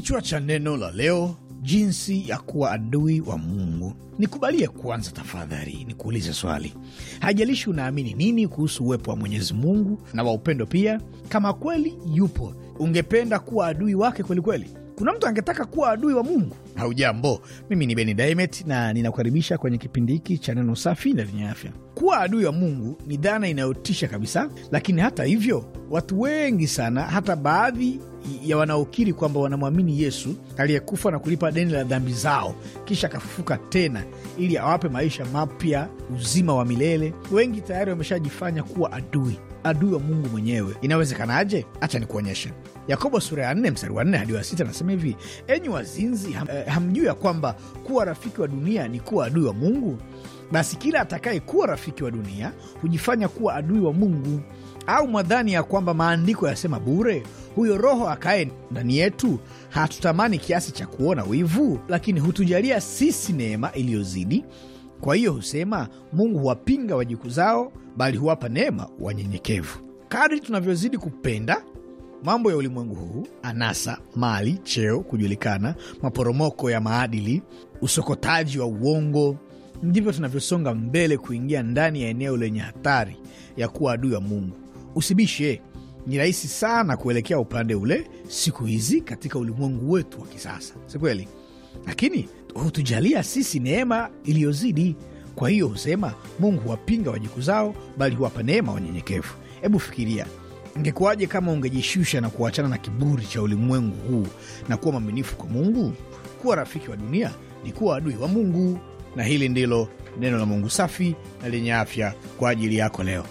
Kichwa cha neno la leo, jinsi ya kuwa adui wa Mungu. Nikubalie kwanza tafadhali, nikuulize swali. Haijalishi unaamini nini kuhusu uwepo wa Mwenyezi Mungu na wa upendo pia, kama kweli yupo, ungependa kuwa adui wake kwelikweli kweli? Kuna mtu angetaka kuwa adui wa Mungu? Haujambo, mimi ni Beni Daimet na ninakukaribisha kwenye kipindi hiki cha neno safi na lenye afya. Kuwa adui wa Mungu ni dhana inayotisha kabisa, lakini hata hivyo, watu wengi sana, hata baadhi ya wanaokiri kwamba wanamwamini Yesu aliyekufa na kulipa deni la dhambi zao kisha akafufuka tena ili awape maisha mapya, uzima wa milele, wengi tayari wameshajifanya kuwa adui adui wa Mungu mwenyewe. Inawezekanaje? Acha nikuonyeshe. Yakobo sura ya 4 mstari wa 4 hadi wa 6 anasema hivi: enyi wazinzi, ham, eh, hamjui ya kwamba kuwa rafiki wa dunia ni kuwa adui wa Mungu? Basi kila atakaye kuwa rafiki wa dunia hujifanya kuwa adui wa Mungu. Au mwadhani ya kwamba maandiko yasema bure, huyo Roho akaye ndani yetu hatutamani kiasi cha kuona wivu, lakini hutujalia sisi neema iliyozidi? Kwa hiyo husema, Mungu huwapinga wajuku zao, bali huwapa neema wanyenyekevu. Kadri tunavyozidi kupenda mambo ya ulimwengu huu, anasa, mali, cheo, kujulikana, maporomoko ya maadili, usokotaji wa uongo. Ndivyo tunavyosonga mbele kuingia ndani ya eneo lenye hatari ya kuwa adui wa Mungu. Usibishe, ni rahisi sana kuelekea upande ule siku hizi katika ulimwengu wetu wa kisasa, si kweli? Lakini hutujalia sisi neema iliyozidi. Kwa hiyo husema Mungu huwapinga wajiku zao, bali huwapa neema wanyenyekevu. Hebu fikiria Ingekuwaje kama ungejishusha na kuachana na kiburi cha ulimwengu huu na kuwa mwaminifu kwa Mungu? Kuwa rafiki wa dunia ni kuwa adui wa Mungu. Na hili ndilo neno la Mungu safi na lenye afya kwa ajili yako leo.